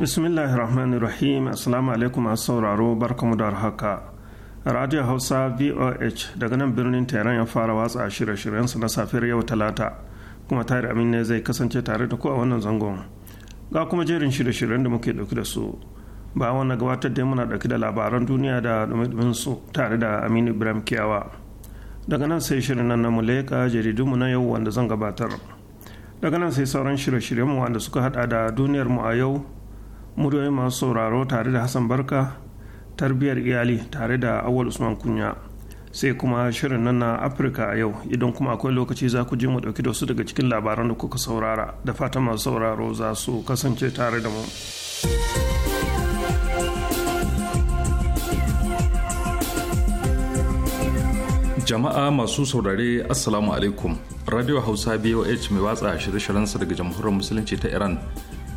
bismillahir rahmanir rahim assalamu alaikum masu sauraro barkamu da haka radio hausa voh daga nan birnin tehran ya fara watsa shirye-shiryensu shiryen na safiyar yau talata kuma tare amin ne zai kasance tare da ku a wannan zangon ga kuma jerin shirye-shiryen da muke dauki da su ba wannan gabatar da muna dauki da labaran duniya da dumi su tare da aminu ibrahim kiyawa daga nan sai shirin nan na muleka jaridunmu na yau wanda zan gabatar daga nan sai sauran shirye shiryen mu wanda suka hada da duniyar mu a yau muryoyin masu sauraro tare da hassan barka tarbiyyar iyali tare da awal usman kunya sai kuma shirin nan na afirka a yau idan kuma akwai lokaci za ku ji mu dauki da wasu daga cikin labaran da kuka saurara da fatan masu sauraro za su kasance tare da mu jama'a masu saurare assalamu alaikum radio hausa boh mai watsa shirye-shiryensa daga jamhuriyar musulunci ta iran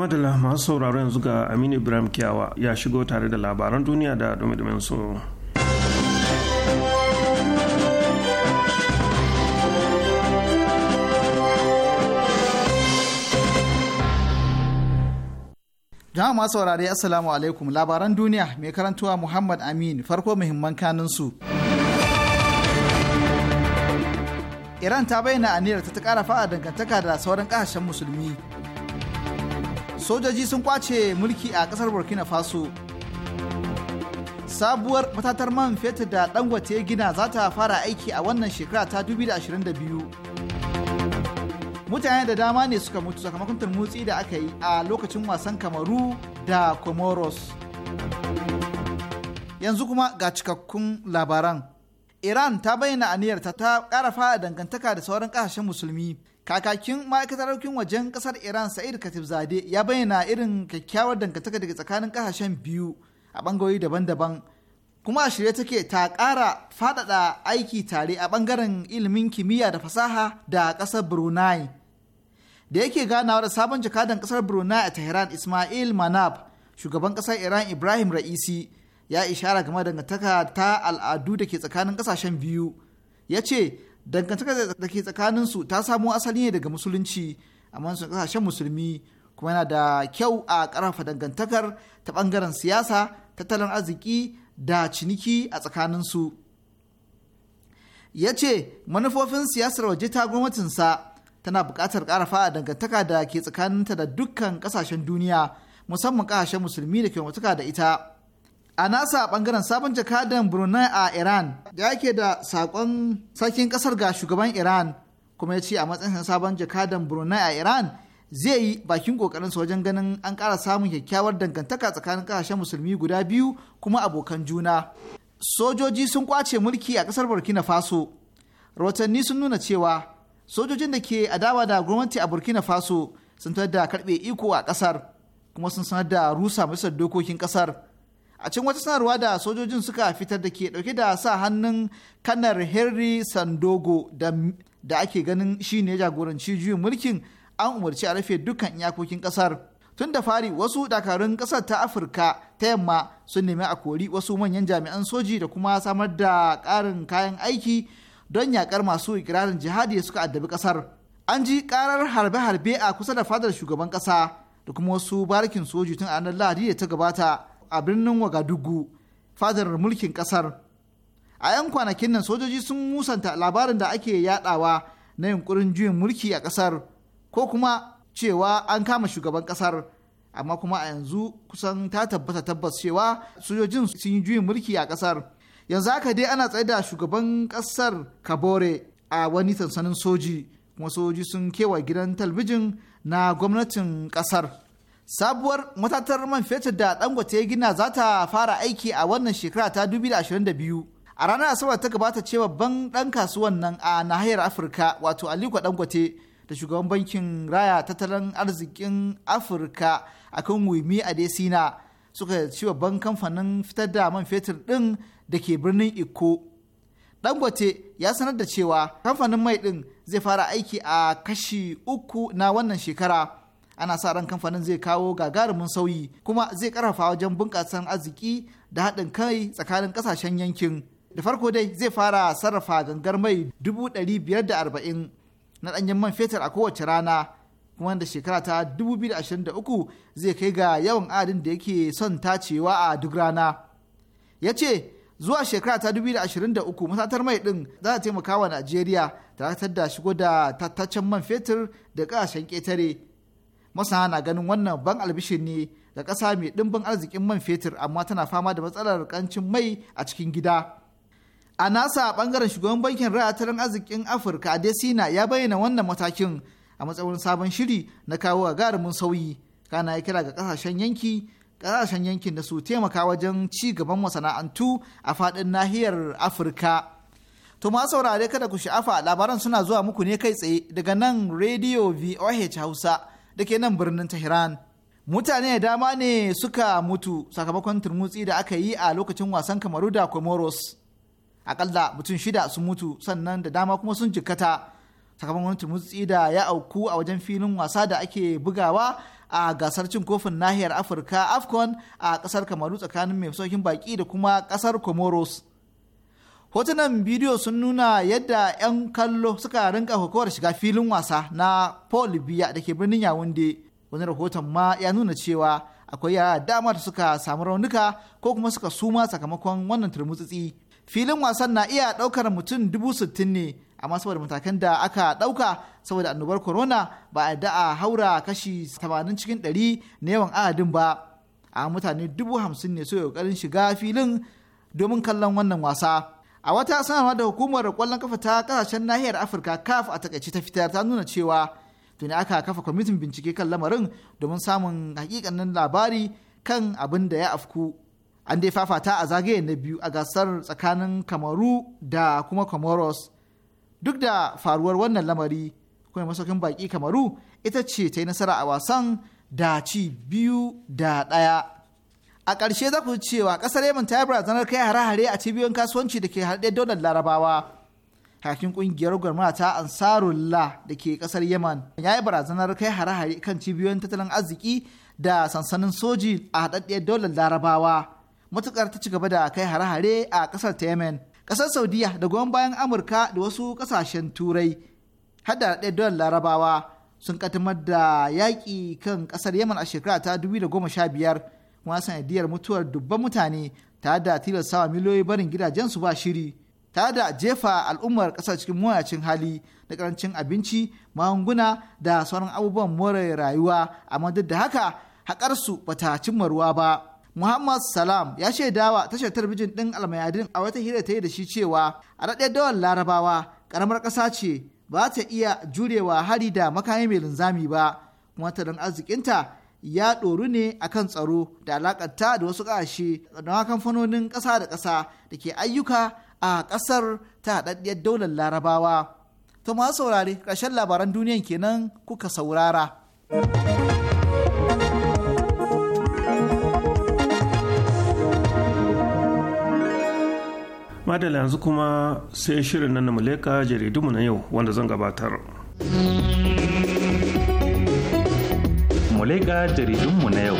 madalla masu sauraro yanzu ga aminu ibrahim kiyawa ya shigo tare da labaran duniya da dumi su. jama'a masu saurare assalamu alaikum labaran duniya mai karantuwa muhammad amin farko muhimman kanin su iran ta bayyana aniyar ta ta kara fa'a dangantaka da sauran kasashen musulmi sojoji sun kwace mulki a kasar burkina faso sabuwar matatar man fetur da dangote gina za ta fara aiki a wannan shekara ta 2022 mutane da dama ne suka mutu sakamakon turmutsi da aka yi a lokacin wasan kamaru da comoros yanzu kuma ga cikakkun labaran iran ta bayyana aniyarta ta ƙara fara dangantaka da sauran ƙasashen musulmi kakakin ma'aikatar harkokin wajen kasar iran sa'id katib zade ya bayyana irin kyakkyawar dangantaka daga tsakanin kasashen biyu a bangarori daban-daban kuma a shirye take ta ƙara faɗaɗa aiki tare a ɓangaren ilimin kimiyya da fasaha da ƙasar brunei da yake ganawa da sabon jakadan ƙasar brunei a tehran ismail manab shugaban ƙasar iran ibrahim ra'isi ya ishara game da dangantaka ta al'adu da ke tsakanin ƙasashen biyu ya ce dangantakar da ke tsakaninsu ta samo asali ne daga musulunci amma sun kasashen musulmi kuma yana da kyau a karafa dangantakar ta bangaren siyasa tattalin arziki da ciniki a tsakanin su ya ce manufofin siyasar waje ta gwamnatinsa tana buƙatar ƙarafa a dangantaka da ke tsakaninta da dukkan ƙasashen duniya musamman ƙasashen musulmi da ke da ita a nasa bangaren sabon jakadan brunei a iran da yake da sakon sarkin kasar ga shugaban iran kuma ya ce a matsayin sabon jakadan brunei a iran zai yi bakin kokarin wajen ganin an kara samun kyakkyawar dangantaka tsakanin kasashen musulmi guda biyu kuma abokan juna sojoji sun kwace mulki a kasar burkina faso rahotanni sun nuna cewa sojojin da ke adawa da gwamnati a burkina faso sun da karbe iko a kasar kuma sun sanar da rusa majalisar dokokin kasar a cikin wata sanarwa da sojojin suka fitar da ke dauke da sa hannun kanar henry sandogo da ake ganin shi ne jagoranci juyin mulkin an umarci a rufe dukkan iyakokin kasar tun da fari wasu dakarun kasar ta afirka ta yamma sun nemi a kori wasu manyan jami'an soji da kuma samar da karin kayan aiki don yakar masu ikirarin jihadi da suka addabi kasar an ji karar harbe-harbe a kusa da fadar shugaban kasa da kuma wasu barikin soji tun a ranar lahadi da ta gabata a birnin wagadugu fadar mulkin kasar a 'yan kwanakin nan sojoji sun musanta labarin da ake yadawa na yunkurin juyin mulki a kasar ko kuma cewa an kama shugaban kasar amma kuma a yanzu kusan ta tabbata tabbas cewa sojojin sun yi juyin mulki a kasar yanzu haka dai ana tsaye da shugaban kasar kabore a wani sansanin soji kuma sojoji sun kewa gidan talbijin na gwamnatin kasar sabuwar matatar man fetur da dangote ya gina za ta fara aiki a wannan shekara ta 2022 a ranar asabar ta gabata ce babban dan kasuwan nan a nahiyar afirka wato aliko dangote da shugaban bankin raya tattalin arzikin afirka akan wimi a desina suka ci babban kamfanin fitar da man fetur din da ke birnin iko dangote ya sanar da cewa kamfanin mai din zai fara aiki a kashi uku na wannan shekara ana sa ran kamfanin zai kawo gagarumin sauyi kuma zai karfafa wajen bunƙasa arziki da haɗin kai tsakanin ƙasashen yankin da farko dai zai fara sarrafa gangar mai dubu ɗari biyar da arba'in na ɗanyen man fetur a kowace rana kuma da shekara ta 2023 zai kai ga yawan adin da yake son tacewa a duk rana ya ce zuwa shekara ta 2023 matatar mai ɗin za ta taimaka wa najeriya ta da shigo da tattacen man fetur da ƙasashen ƙetare masana na ganin wannan ban albishin ne ga ƙasa mai ɗimbin arzikin man fetur amma tana fama da matsalar ƙancin mai a cikin gida a nasa ɓangaren shugaban bankin raya arzikin afirka adesina ya bayyana wannan matakin a matsayin sabon shiri na kawo a garumin sauyi kana ya kira ga kasashen yanki kasashen yankin da su taimaka wajen ci gaban masana'antu a faɗin nahiyar afirka to ma saurare kada ku sha'afa labaran suna zuwa muku ne kai tsaye daga nan radio voh hausa da ke nan birnin Tehran. Mutane da dama ne suka mutu sakamakon turmutsi da aka yi a lokacin wasan kamaru da Comoros. Akalla mutum shida sun mutu sannan da dama kuma sun jikkata sakamakon turmutsi da ya auku a wajen filin wasa da ake bugawa a gasar cin kofin nahiyar Afirka AFCON a kasar kamaru tsakanin mai saukin baki da kuma kasar Comoros. hotunan bidiyo sun nuna yadda 'yan kallo suka rinka hukumar shiga filin wasa na paul biya da ke birnin yawunde wani rahoton ma ya nuna cewa akwai yara dama da suka samu raunuka ko kuma suka suma sakamakon wannan turmutsitsi filin wasan na iya ɗaukar mutum dubu sittin ne amma saboda matakan da aka ɗauka saboda annobar corona ba a da a haura kashi 80 cikin 100 na yawan adadin ba a mutane dubu hamsin ne so ƙoƙarin shiga filin domin kallon wannan wasa a wata sanarwa da hukumar kwallon kafa ta kasashen nahiyar afirka kaf a takaice ta fitar ta nuna cewa tuni aka kafa kwamitin bincike kan lamarin domin samun hakikanin labari kan abin da ya afku an dai fafata a zagaye na biyu a gasar tsakanin kamaru da kuma comoros duk da faruwar wannan lamari kuma masaukin baki kamaru ita ce ta yi nasara a wasan da ci biyu da ɗaya a ƙarshe za ku cewa ƙasar yemen ta yi barazanar kai hare-hare a cibiyoyin kasuwanci da ke haɗe donald larabawa hakin ƙungiyar gwamnati ta ansarullah da ke ƙasar yemen ya yi barazanar kai hare-hare kan cibiyoyin tattalin arziki da sansanin soji a haɗaɗɗiyar donald larabawa matuƙar ta ci gaba da kai hare-hare a ƙasar ta yemen ƙasar saudiya da goyon bayan amurka da wasu ƙasashen turai har da haɗaɗɗiyar donald larabawa sun ƙaddamar da yaƙi kan ƙasar yemen a shekara ta biyar. kuma sanadiyar mutuwar dubban mutane ta da tilastawa miliyoyi barin gidajen su ba shiri ta da jefa al'ummar ƙasar cikin mawuyacin hali da karancin abinci magunguna da sauran abubuwan more rayuwa amma duk da haka haƙarsu ta cimma ruwa ba. Muhammad Salam ya shaidawa tashar talabijin ɗin almayadin a wata hira ta yi da shi cewa a daɗe dawar larabawa ƙaramar ƙasa ce ba ta iya jurewa hari da makami mai linzami ba kuma tattalin arzikinta ya ɗoru ne a kan tsaro da alakanta da wasu ƙasashe na kamfanonin ƙasa da ƙasa da ke ayyuka a ƙasar ta haɗaɗɗiyar daular larabawa. To masu saurari ƙarshen labaran duniyan kenan kuka saurara. madala yanzu kuma sai shirin nan na muleka jaridunmu na yau wanda zan gabatar. ga jaridunmu na yau.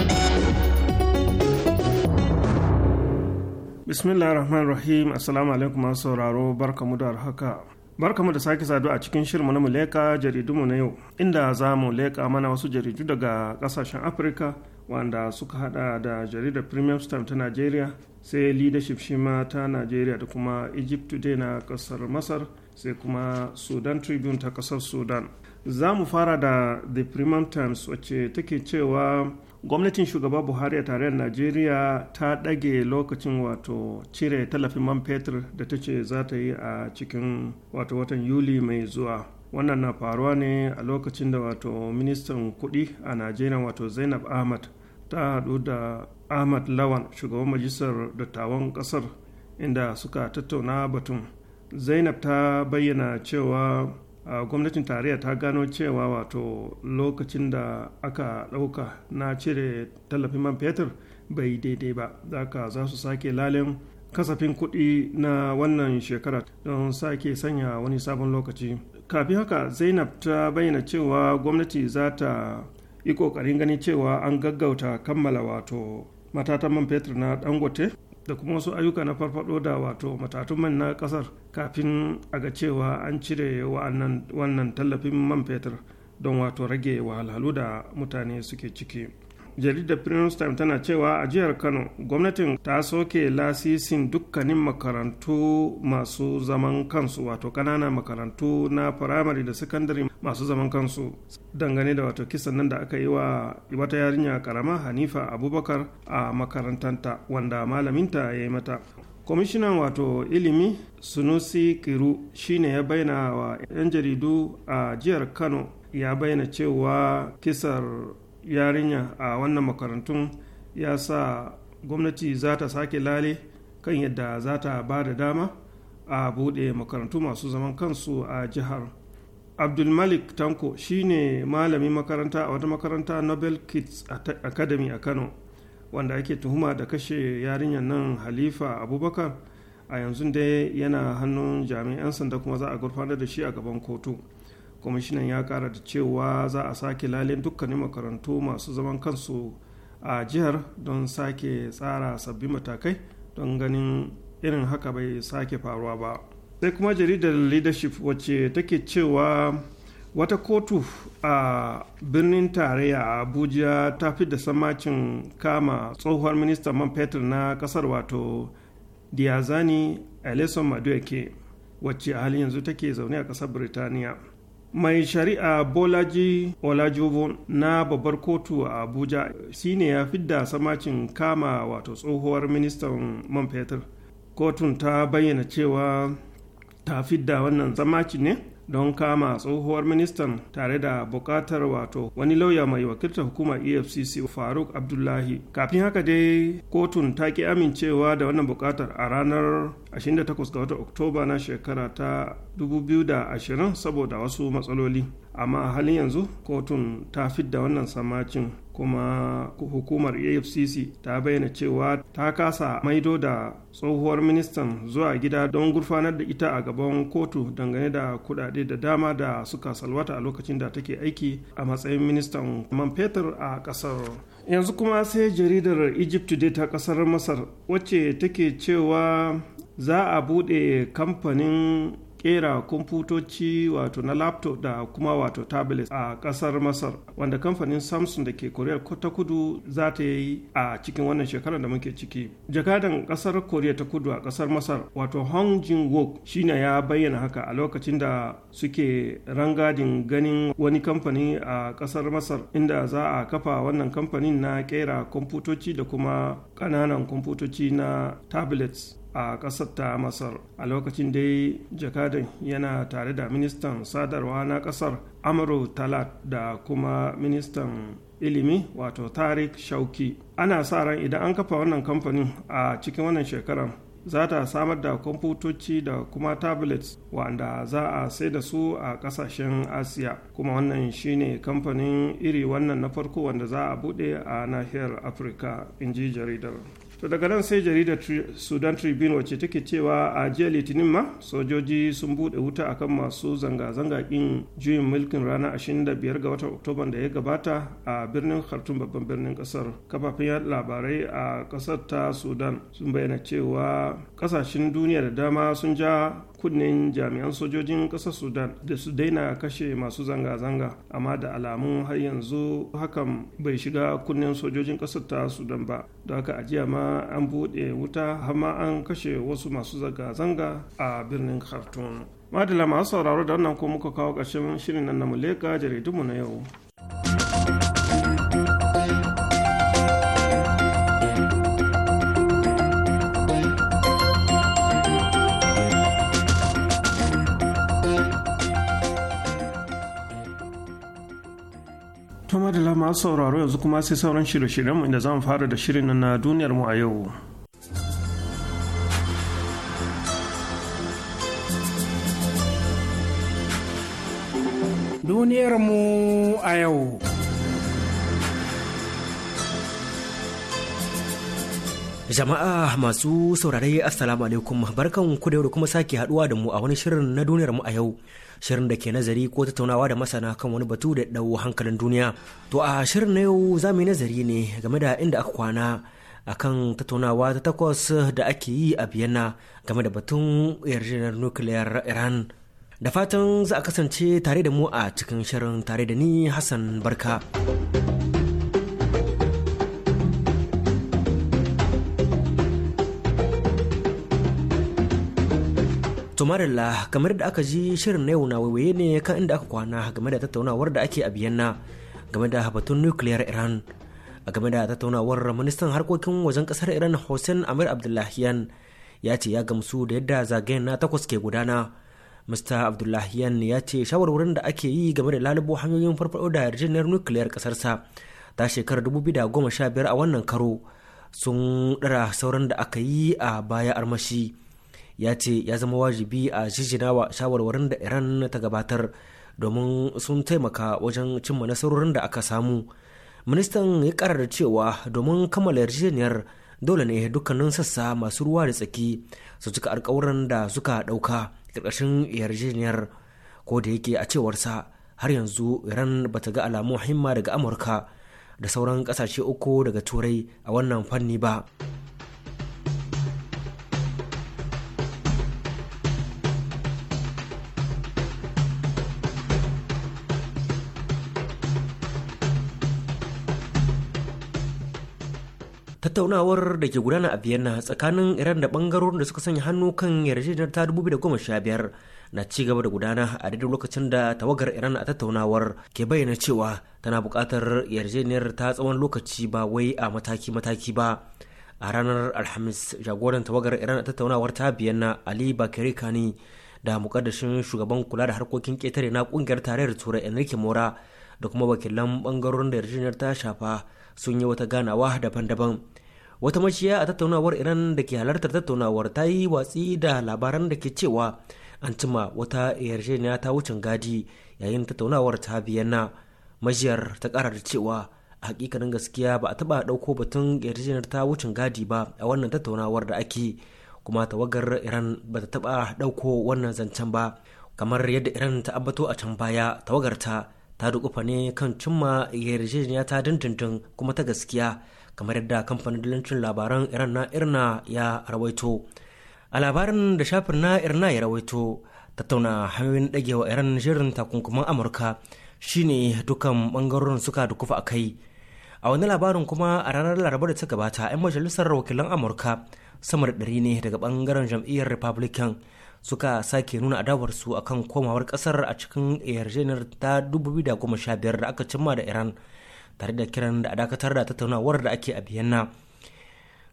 Bismillah rahman rahim Assalamu alaikum masu sauraro barkamu da haka. Barkamu da sake saduwa a cikin shirin na leƙa jaridunmu na yau inda za mu leƙa mana wasu jaridu daga kasashen Afirka wanda suka hada da jaridar Premium Stamp ta Najeriya sai leadership shima ta Najeriya da kuma Egypt Today na ƙasar Masar sai kuma Sudan Tribune ta ƙasar Sudan. za mu fara da the primum times wacce take cewa gwamnatin shugaba buhari a tarayyar najeriya ta ɗage lokacin wato cire tallafin man fetur da ta ce za ta yi a cikin wato watan yuli mai zuwa wannan na faruwa ne a lokacin da wato ministan kuɗi a najeriya wato zainab ahmad ta haɗu da ahmad lawan shugaban majalisar dattawan ƙasar inda suka tattauna batun zainab ta bayyana cewa gwamnatin tarayya ta gano cewa wato lokacin da aka ɗauka na cire tallafin man fetur bai daidai ba zaka za su sake lalen kasafin kuɗi na wannan shekara don sake sanya wani sabon lokaci kafin haka zainab ta bayyana cewa gwamnati za ta yi ƙoƙarin ganin cewa an gaggauta kammala wato matatan man fetur na dangote da kuma wasu ayyuka na farfado da wato matatun mai na kasar kafin a ga cewa an cire wannan tallafin man fetur don wato rage wahalhalu da mutane suke ciki. jaridar prince time tana cewa a jihar kano gwamnatin ta soke lasisin dukkanin makarantu masu zaman kansu wato kanana makarantu na firamare da sakandare masu zaman kansu dangane da wato kisan nan da aka yi wa wata yarinya karama hanifa abubakar a makarantanta wanda malaminta ya yi mata kwamishinan wato ilimi sunusi kiru shine ya bayyana wa 'yan jaridu a jihar kano ya bayyana cewa kisar yarinya a wannan makarantun ya sa gwamnati za ta sake lale kan yadda za ta ba da dama a bude makarantu masu zaman kansu a jihar abdulmalik tanko shine malamin makaranta a wata makaranta nobel kids academy a kano wanda ake tuhuma da kashe yarinyar nan halifa abubakar a yanzu dai yana hannun jami'an sanda kuma za a gurfanar da shi a gaban kotu kwamishinan ya kara da cewa za a sake lalin dukkanin makarantu masu zaman kansu a jihar don sake tsara sabbin matakai don ganin irin haka bai sake faruwa ba sai kuma jaridar leadership wacce take cewa wata kotu a birnin tarayya a abuja ta fi da samacin kama tsohuwar ministan man fetur na kasar wato diazani alison madueke wacce a halin yanzu take zaune a kasar biritaniya. mai shari'a bolaji olajuwon na babbar kotu a abuja shine ya fidda samacin kama wato tsohuwar ministan man fetur kotun ta bayyana cewa ta fidda wannan zamaci ne don kama tsohuwar ministan tare da bukatar wato wani lauya mai wakiltar hukumar efcc faruk abdullahi kafin haka dai kotun ta ki amincewa da wannan bukatar a ranar 28 ga watan oktoba na shekara ta 2020 saboda wasu matsaloli amma a halin yanzu kotun ta fidda wannan samacin kuma hukumar afcc ta bayyana cewa ta kasa maido da tsohuwar ministan zuwa gida don gurfanar da ita a gaban kotu dangane da kudade da dama da suka salwata a lokacin da take aiki a matsayin ministan man fetur a kasar yanzu kuma sai jaridar egypt today ta kasar masar wacce take cewa za a buɗe kamfanin kera kwamfutoci wato na laptop da kuma wato tablet a kasar masar wanda kamfanin samsung da ke koriya ta kudu za ta yi a cikin wannan shekarar da muke ciki jakadan kasar koriya ta kudu a kasar masar wato hong jin wok shine ya bayyana haka a lokacin da suke rangadin ganin wani kamfani a kasar masar inda za a kafa wannan kamfanin na kera kwamfutoci da kuma ƙananan kwamfutoci na tablets a ƙasar ta masar a lokacin dai jakadan yana tare da ministan sadarwa na ƙasar amro talat da kuma ministan ilimi wato tarik shauki ana sa ran idan an kafa wannan kamfanin a cikin wannan shekarar za ta samar da kwamfutoci da kuma tablets wanda za a sai da su a kasashen asiya kuma wannan shine kamfanin iri wannan na farko wanda za a buɗe a nahiyar afirka in ji jaridar to daga nan sai jaridar sudan tribune wacce take cewa a jiya litinin ma sojoji sun bude wuta akan masu zanga-zanga kin juyin mulkin ranar 25 ga watan oktoban da ya gabata a birnin khartoum babban birnin kasar kafafen labarai a kasar ta sudan sun bayyana cewa kasashen duniya da dama sun ja kunnen jami'an sojojin ƙasar sudan da su daina kashe masu zanga-zanga amma da alamun har yanzu hakan bai shiga kunnen sojojin ƙasar ta sudan ba da haka ajiya jiya ma an buɗe wuta har an kashe wasu masu zanga-zanga a birnin khartoum madala masu sauraro da wannan ko muka kawo ƙarshen shirin nan na muleka jaridunmu na yau madala masu sauraro yanzu kuma sai sauran shirye-shiryenmu inda zamu fara da shirin na duniyar mu a yau. Duniyar mu a yau. Jama'a masu saurare Assalamu alaikum barkan ku da yau kuma sake haduwa da mu a wani shirin na duniyar mu a yau. Shirin da ke nazari ko tattaunawa da masana kan wani batu da dau hankalin duniya. To a shirin na yau za mu yi nazari ne game da inda aka kwana akan tattaunawa ta takwas da ake yi a biyana game da batun yarjejeniyar nukiliyar Iran. Da fatan za a kasance tare da mu a cikin shirin tare da ni Hassan Barka. tumarilla kamar da aka ji shirin na yau na waiwaye ne kan inda aka kwana game da tattaunawar da ake a biyanna game da batun nukiliyar iran a game da tattaunawar ministan harkokin wajen kasar iran hussein amir abdullahiyan ya ce ya gamsu da yadda zagayen na takwas ke gudana mr abdullahiyan ya ce shawarwarin da ake yi game da lalubo hanyoyin farfado da yarjejeniyar nukiliyar kasarsa ta shekarar da goma sha biyar a wannan karo sun ɗara sauran da aka yi a baya armashi ya ce ya zama wajibi a jijinawa shawarwarin da iran ta gabatar domin sun taimaka wajen cimma nasarorin da aka samu ministan ya karar cewa domin kammala yarjejeniyar dole ne dukkanin sassa masu ruwa da tsaki su cika alkawuran da suka dauka karkashin yarjejeniyar ko da yake a cewarsa har yanzu iran ba ta ga alamun himma daga amurka da sauran kasashe uku daga turai a wannan fanni ba. tattaunawar da ke gudana a vienna tsakanin iran da bangarorin da suka sanya hannu kan yarjejeniyar ta biyar na ci gaba da gudana a daidai lokacin da tawagar iran a tattaunawar ke bayyana cewa tana bukatar yarjejeniyar ta tsawon lokaci ba wai a mataki-mataki ba a ranar alhamis jagoran tawagar iran a tattaunawar ta vienna ali bakari kani da mukaddashin shugaban kula da harkokin ketare na kungiyar tarayyar turai enrique mora da kuma wakilan bangarorin da yarjejeniyar ta shafa sun yi wata ganawa daban-daban wata maciya a tattaunawar iran da ke halartar tattaunawar ta yi watsi da labaran da ke cewa an cima wata yarjejeniya ta wucin gadi yayin tattaunawar ta na majiyar ta kara da cewa a hakikanin gaskiya ba a taba dauko batun yarjejeniyar ta wucin gadi ba a wannan tattaunawar da ake kuma tawagar iran ba ta taba dauko wannan zancen ba kamar yadda iran ta ambato a can baya tawagar ta ta dukufa ne kan cimma yarjejeniya ta dindindin kuma ta gaskiya kamar yadda kamfanin dalancin labaran iran na irna ya rawaito a labarin da shafin na irna ya rawaito tattauna hanyoyin dagewa iran shirin takunkuman amurka shine dukan bangarorin suka dukufa a kai a wani labarin kuma a ranar laraba da ta gabata 'yan majalisar wakilan amurka sama da ɗari ne daga bangaren jam'iyyar republican suka sake nuna adawarsu akan komawar kasar a cikin yarjejeniyar ta 2015 da aka cimma da iran tare da kiran da a dakatar da tattaunawar da ake a biyanna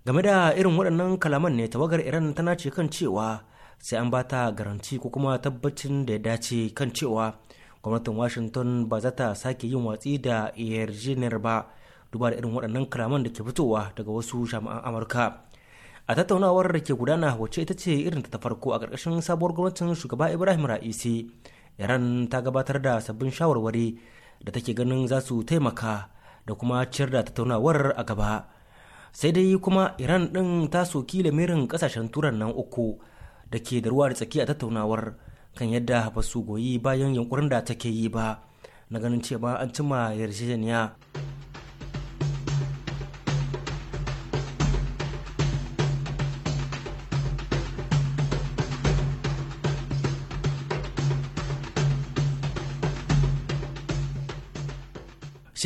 game da irin waɗannan kalaman ne tawagar iran tana ce kan cewa sai an ba ta garanti ko kuma tabbacin da ya dace kan cewa gwamnatin washington ba za ta sake yin watsi da yarjejeniyar ba duba da irin waɗannan kalaman da ke fitowa daga wasu jami'an amurka a tattaunawar da ke gudana wacce ita ce irin ta farko a ƙarƙashin sabuwar gwamnatin shugaba ibrahim ra'isi iran ta gabatar da sabbin shawarwari da take ganin za su taimaka da kuma ciyar da tattaunawar a gaba sai dai kuma iran ɗin ta soki lamirin ƙasashen turan nan uku da ke da ruwa da tsaki a tattaunawar kan yadda ba goyi bayan yankurin da take yi ba na ganin cewa an cimma yarjejeniya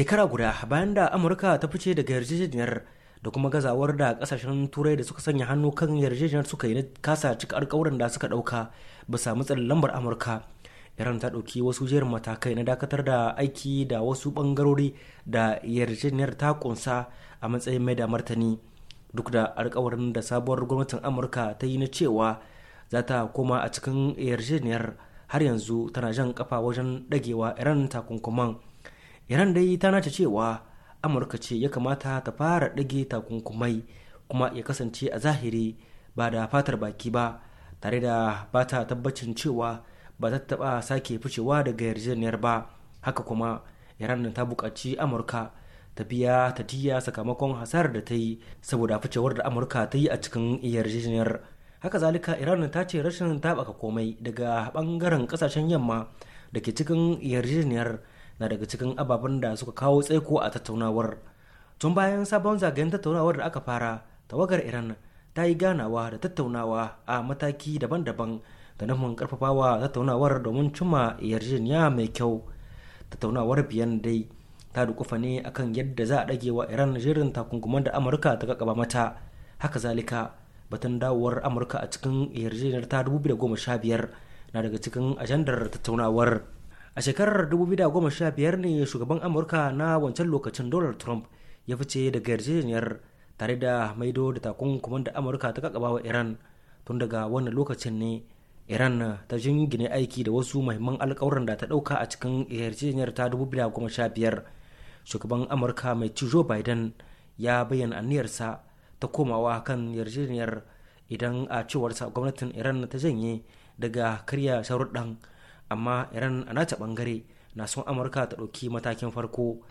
shekara guda bayan da amurka ta fice daga yarjejeniyar da kuma gazawar da kasashen turai da suka sanya hannu kan yarjejeniyar suka yi na kasa cika alkawuran da suka dauka ba samu lambar amurka iran ta ɗauki wasu jerin matakai na dakatar da aiki da wasu bangarori da yarjejeniyar ta kunsa a matsayin mai da martani duk da alkawarin da sabuwar gwamnatin amurka ta yi na cewa za ta koma a cikin yarjejeniyar har yanzu tana jan kafa wajen dagewa iran takunkuman iran dai ta nace cewa amurka ce ya kamata ta fara ɗage takunkumai kuma ya kasance a zahiri ba da fatar baki ba tare da ba ta tabbacin cewa ba ta taɓa sake ficewa daga yarjejeniyar ba haka kuma iran ta buƙaci amurka ta biya ta tiya sakamakon hasar da ta yi saboda ficewar da amurka ta yi a cikin yarjejeniyar haka zalika iran ta ce rashin taɓaka komai daga ɓangaren ƙasashen yamma da ke cikin yarjejeniyar na daga cikin ababen da suka kawo tsaiko a tattaunawar tun bayan sabon zagayen tattaunawar da aka fara tawagar iran ta yi ganawa da tattaunawa a mataki daban-daban da nufin karfafawa tattaunawar domin cimma yarjejeniya mai kyau tattaunawar biyan dai ta dukufa ne akan yadda za a dage wa iran jirin takunkuman da amurka ta kakaba mata haka zalika batun dawowar amurka a cikin yarjejeniyar ta 2015 na daga cikin ajandar tattaunawar a shekarar 2015 ne shugaban amurka na wancan lokacin donald trump ya fice daga yarjejeniyar tare da maido da takunkuman da amurka ta kakaba wa iran tun daga wannan lokacin ne iran ta jingine aiki da wasu mahimman alkawuran da ta dauka a cikin yarjejeniyar ta 2015 shugaban amurka mai ci joe biden ya bayyana aniyarsa ta komawa kan yarjejeniyar idan a cewarsa gwamnatin iran ta janye daga karya sharuɗan amma iran a nata bangare na son amurka ta ɗauki matakin farko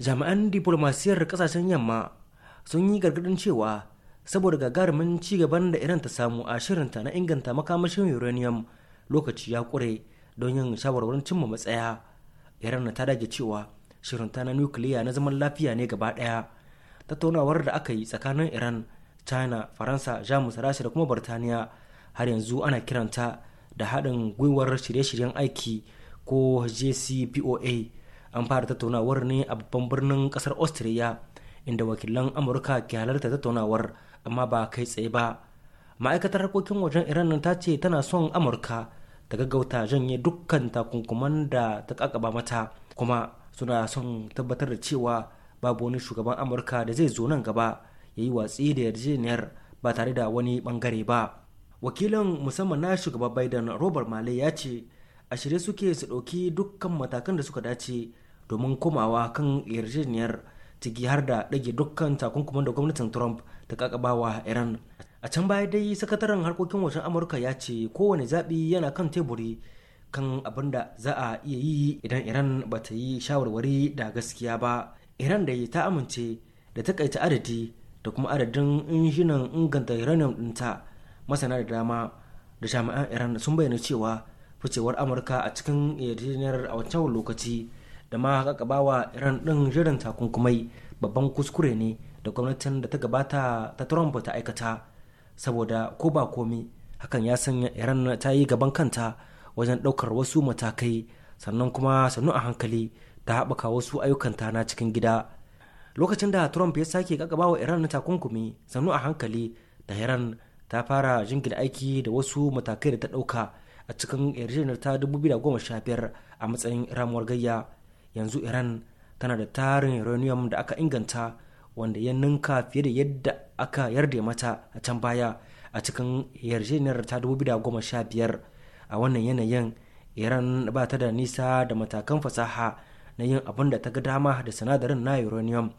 jami'an diplomasiyar kasashen yamma sun yi gargadin cewa saboda gagarumin cigaban da iran ta samu a shirinta na inganta makamashin uranium lokaci ya kure don yin shawarwarin cimma matsaya iran ta dage cewa shirinta na nukiliya na zaman lafiya ne gaba daya tattaunawar da aka yi tsakanin iran china faransa jamus rasha da kuma birtaniya har yanzu ana kiranta da haɗin gwiwar shirye-shiryen aiki ko jcpoa an fara tattaunawar ne a babban birnin ƙasar austria inda wakilan amurka ke halarta tattaunawar amma ba kai tsaye ba ma'aikatar harkokin wajen iran ta ce tana son amurka ta gaggauta janye dukkan takunkuman da ta kakaba mata kuma suna son tabbatar da cewa babu wani shugaban amurka da zai zo nan gaba ya yi watsi da yarjejeniyar ba tare da wani bangare ba wakilin musamman na shugaba biden robert malay ya ce a shirye suke su ɗauki dukkan matakan da suka dace domin komawa kan yarjejeniyar ciki har da ɗage dukkan takunkuman da gwamnatin trump ta kakabawa iran a can baya dai sakataren harkokin wajen amurka ya ce kowane zaɓi yana kan teburi kan abin da za a iya yi idan iran ba ta yi shawarwari da gaskiya ba iran da ta amince da takaita adadi da kuma adadin injinan inganta uranium ɗinta masana da dama da jami'an iran sun bayyana cewa ficewar amurka a cikin yarjejeniyar a wancan lokaci da ma kakabawa iran ɗin jiran takunkumai babban kuskure ne da gwamnatin da ta gabata ta trump ta aikata saboda ko ba komi hakan ya sanya iran ta yi gaban kanta wajen ɗaukar wasu matakai sannan kuma sannu a hankali ta haɓaka wasu ayyukanta na cikin gida lokacin da trump ya sake kakaba wa iran na takunkumi sannu a hankali iran ta fara jingina aiki da wasu matakai da ta ɗauka a cikin yarjejeniyar ta 2015 a matsayin ramuwar gayya yanzu iran tana da tarin uranium da aka inganta wanda ya ninka fiye da yadda aka yarda mata a can baya a cikin yarjejeniyar ta goma sha biyar a wannan yanayin iran ba ta da nisa da matakan fasaha na yin abin da ta ga dama da sinadarin na uranium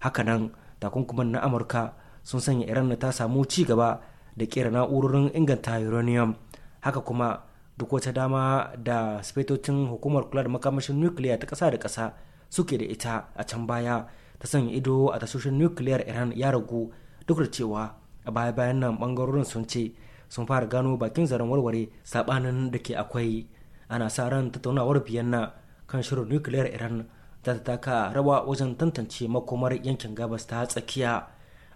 hakanan takunkuman na amurka sun sanya iran ta samu ci gaba da kera na'urorin inganta uranium haka kuma duk wata dama da sifetocin hukumar kula da makamashin nukiliya ta kasa da ƙasa suke da ita a can baya ta sanya ido a tasoshin nukiliyar iran ya ragu duk da cewa a baya bayan nan bangarorin sun ce sun fara gano bakin zaren warware sabanin da ke akwai ana sa ran tattaunawar biyanna kan shirin nukiliyar iran za ta taka rawa wajen tantance makomar yankin gabas ta tsakiya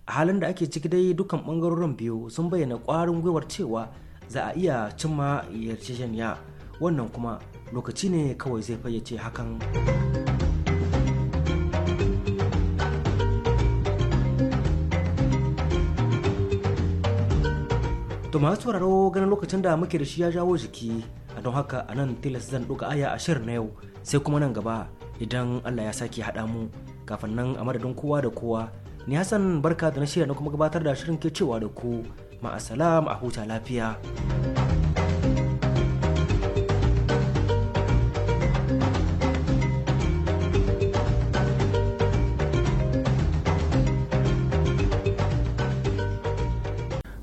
a halin da ake ciki dai dukkan bangarorin biyu sun bayyana kwarin gwiwar cewa za a iya cimma yarjejeniya wannan kuma lokaci ne kawai zai fayyace hakan. masu sauraro ganin lokacin da muke da shi ya jawo jiki a don haka a nan tilas zan ɗuga aya a shirin na yau sai kuma nan gaba idan Allah ya sake haɗa mu kafin nan a madadin kowa da kowa ni Hassan barka da na shirya na kuma gabatar da shirin ke cewa da ku ma'asalam a huta lafiya.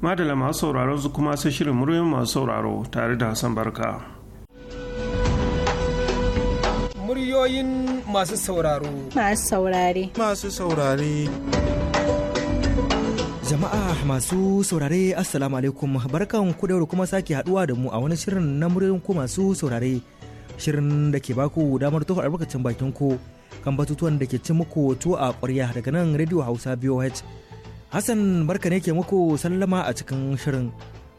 madala masu sauraron su kuma sai shirin muryoyin masu sauraro tare da hassan barka muryoyin masu sauraro masu saurare masu saurare Jama'a masu saurare Assalamu alaikum barkan ku da kuma sake haduwa da mu a wani shirin na muryoyin ku masu saurare shirin da ke baku damar tofa albarkacin bakin ku kan batutuwan da ke cin muku tuwo a ƙwarya daga nan Radio Hausa BOH Hassan barka ne ke muku sallama a cikin shirin.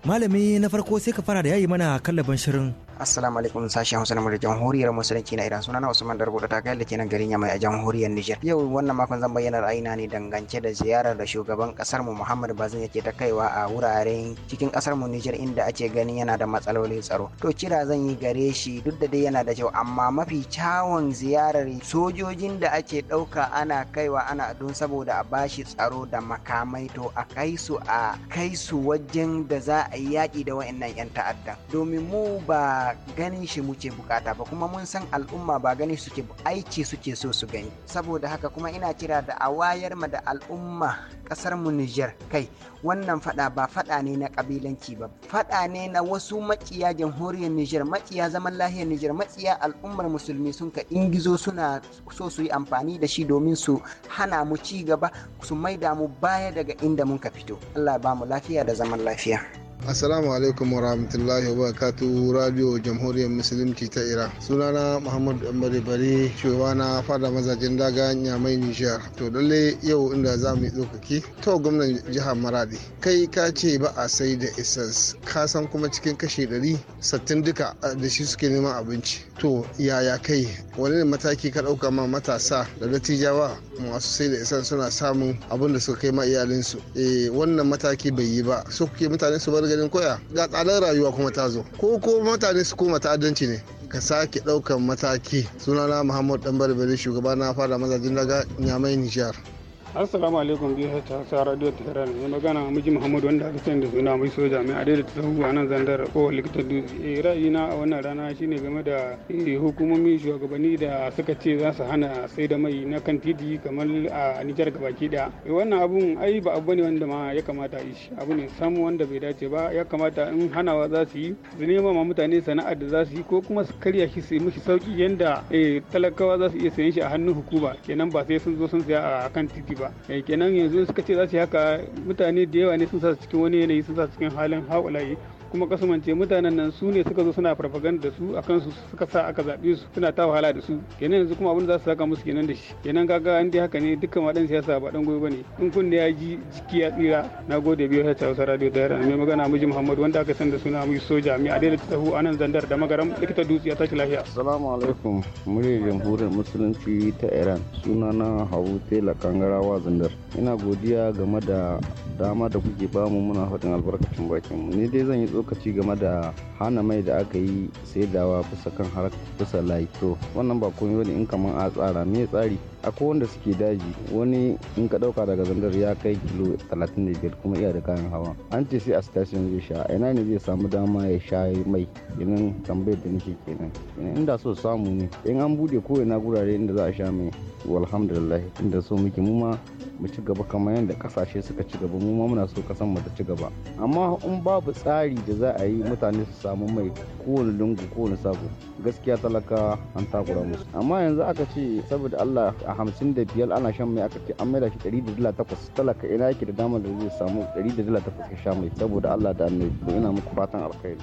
Malami na farko sai ka fara da yayi mana kallaban shirin. Assalamu alaikum sashen Hausa na horiyar Musulunci na Iran sunana Usman Darbo da Takai da kenan garin Yamai a jamhuriyar Niger. Yau wannan makon zan bayyana ra'ayina ne dangance da ziyarar da shugaban kasar mu Muhammad Bazoum yake ta kaiwa a wuraren cikin kasar mu Niger inda ake ganin yana da matsalolin tsaro. To kira zan yi gare shi duk da dai yana da kyau amma mafi kyawun ziyarar sojojin da ake ɗauka ana kaiwa ana don saboda a bashi tsaro da makamai to a kai su a kai su wajen da za a yi yaƙi da wa'annan 'yan ta'adda. Domin mu ba ganin shi muke bukata ba kuma mun san al'umma ba gani suke aiki suke so su gani saboda haka kuma ina kira da a wayar ma da al'umma kasar mu Niger kai wannan fada ba fada ne na kabilanci ba fada ne na wasu makiya jamhuriyar Niger makiya zaman lahiyar Niger makiya al'ummar musulmi sun ka ingizo suna so su yi amfani da shi domin su hana mu ci gaba su maida mu baya daga inda mun ka fito Allah ba mu lafiya da zaman lafiya Assalamu alaikum wa rahmatullahi wa barakatu radio jamhuriyar musulunci ta Iran. Sunana Muhammadu Ambari Bari cewa na fada mazajen daga nyamai Nijar. To lalle yau inda za mu yi tsokaki. To gwamnan jihar Maradi. Kai ka ce ba a sai da essence. Ka san kuma cikin kashe ɗari sattin duka da shi suke neman abinci. To yaya kai wani ne mataki ka ɗauka ma matasa da dattijawa masu sai da essence suna samun abin da suka kai ma iyalinsu. Eh wannan mataki bai yi ba. So kuke mutane su bar ganin koya ga tsadar rayuwa kuma ta zo ko ko mutane su koma ta'addanci ne ka sake ɗaukan mataki sunana muhammad dan barbari shugaba na fara mazajin daga nyamai nijar assalamu alaikum biyu ta sa radio tehran mai magana miji muhammadu wanda aka sani da suna mai soja mai adai da tsohuwa nan zandar ko likita dutse eh, ra'ayina a wannan rana shine game da hukumomi shugabanni da suka ce za su hana sai da mai na kan titi kamar a nijar gabaki daya eh, wannan abun ai ba abu ne wanda ma ya kamata a yi shi abu ne samu wanda bai dace ba ya kamata in hanawa za su yi su nema ma mutane sana'ar da za su yi ko kuma su karya shi su yi mishi sauki yanda eh, talakawa za su iya sayen shi a hannun hukuma kenan ba sai sun zo sun saya a kan titi ba eh, kenan yanzu suka ce za su yi haka mutane da yawa ne sun sa cikin wani yanayi sun sa cikin halin haƙulayi kuma kasumance mutanen nan su ne suka zo suna farfaganda da su a kansu suka sa aka zaɓe su suna ta wahala da su kenan yanzu kuma abin da za su saka musu kenan da shi kenan kaga an haka ne dukkan waɗanda siyasa ba dan gobe ne in kun ya ji jiki ya tsira na gode biyu ta Hausa Radio Dahira mai magana miji Muhammad wanda aka san suna mu soja mai adai ta tahu anan zandar da magaram likita dutse ya tashi lafiya assalamu alaikum muryar jamhuriyar musulunci ta Iran sunana Hawu Tela Kangarawa zandar ina godiya game da dama da kuke bamu muna faɗin albarkacin bakin mu ni dai zan yi lokaci game da hana mai da aka yi saidawa kusa kan harkar kusa layi to wannan ba komai wani in kamar a tsara me tsari akwai wanda suke daji wani in ka dauka daga zangar ya kai kilo 35 kuma iya da kayan hawa an ce sai a station zai sha a ina ne zai samu dama ya sha mai idan tambayar da nake kenan inda so samu ne in an bude ko ina gurare inda za a sha mai alhamdulillah inda so muke mu ma mu ci gaba kamar yadda kasashe suka ci gaba mu ma muna so kasan mu ta ci gaba amma in babu tsari da za a yi mutane su samu mai kowane lungu kowane sako gaskiya talaka an takura musu amma yanzu aka ce saboda Allah a hamsin da biyar ana shan mai aka ce an maida shi ɗari da dala takwas talaka ina yake da damar da zai samu ɗari da dala takwas ka sha mai saboda allah da annabi ina muku fatan alkhairi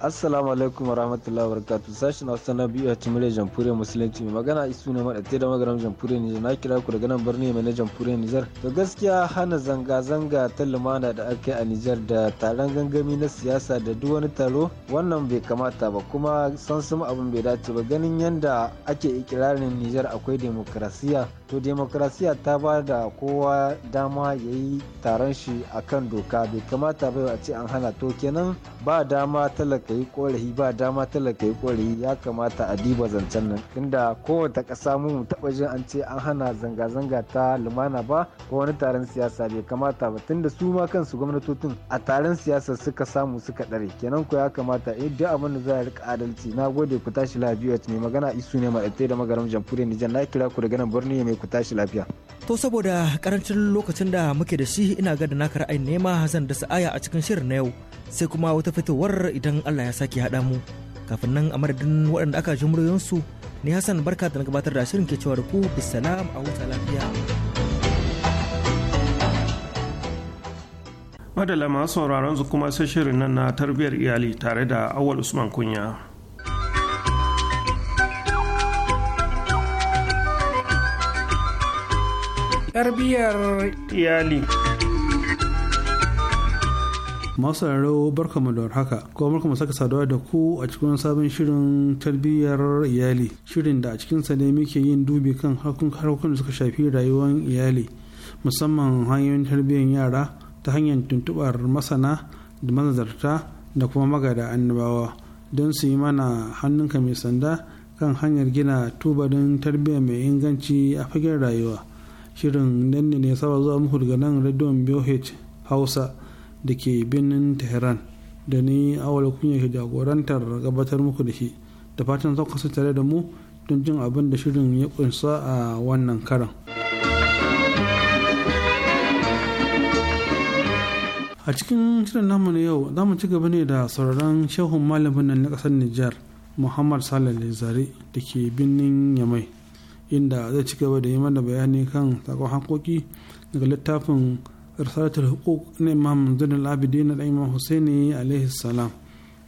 assalamu alaikum warahmatullahi wabarakatuh sashen hausa na biyu a cimiliyar jamhuriyar musulunci mai magana isu ne maɗa da magana jamhuriyar nijar na kira ku daga nan birni mai na jamhuriyar nijar to gaskiya hana zanga-zanga ta lumana da aka yi a nijar da taron gangami na siyasa da duk wani taro wannan bai kamata ba kuma san sun abin bai dace ba ganin yadda ake ikirarin nijar akwai demokrasiya to demokrasiya ta ba da kowa dama ya yi taron shi a kan doka bai kamata bai a ce an hana to kenan ba dama talaka yi korafi ba dama talaka yi korafi ya kamata a diba zancen nan inda kowace ƙasa mu taɓa jin an ce an hana zanga-zanga ta lumana ba ko wani taron siyasa bai kamata ba tun da su ma kansu gwamnatocin a taron siyasa suka samu suka ɗare kenan ko ya kamata eh duk abin da za a rika adalci na gode ku tashi lafiya mai magana isu ne ma da magaram jamhuriyar nijar na kira ku daga nan birni mai ku tashi lafiya. To saboda karancin lokacin da muke da shi ina ga da naka ra'ayin nema zan da sa'aya a cikin shirin na yau sai kuma wata fitowar idan Allah ya sake haɗa mu. Kafin nan a madadin waɗanda aka ji muryoyinsu ni Hassan barka da na gabatar da shirin ke cewa da ku bisalam a huta lafiya. madalama masu sauraron su kuma sai shirin nan na tarbiyyar iyali tare da Awal Usman Kunya. tarbiyyar iyali. masu raro barka mu da haka ko barka mu saka saduwa da ku a cikin sabon shirin tarbiyyar iyali shirin da a cikinsa ne muke yin dubi kan harkokin da suka shafi rayuwar iyali musamman hanyoyin tarbiyyar yara ta hanyar tuntubar masana da manzarta da kuma magada annabawa don su yi mana hannunka mai sanda kan hanyar gina tubalin tarbiyya mai inganci a fagen rayuwa shirin danne ne saba zuwa muku daga nan radion BOH Hausa da ke birnin Tehran da ni awal kunya ke jagorantar gabatar muku da shi da fatan za ku tare da mu don jin abin da shirin ya kunsa a wannan karan. a cikin shirin namu na yau za mu ci gaba ne da sauraron shehun malamin nan na kasar Nijar Muhammad Saleh Zare da ke birnin Yamai. inda zai ci gaba da yi mana bayani kan sakon hankoki daga littafin risalatul hukuk na imam zainul labidi na imam husaini alaihi salam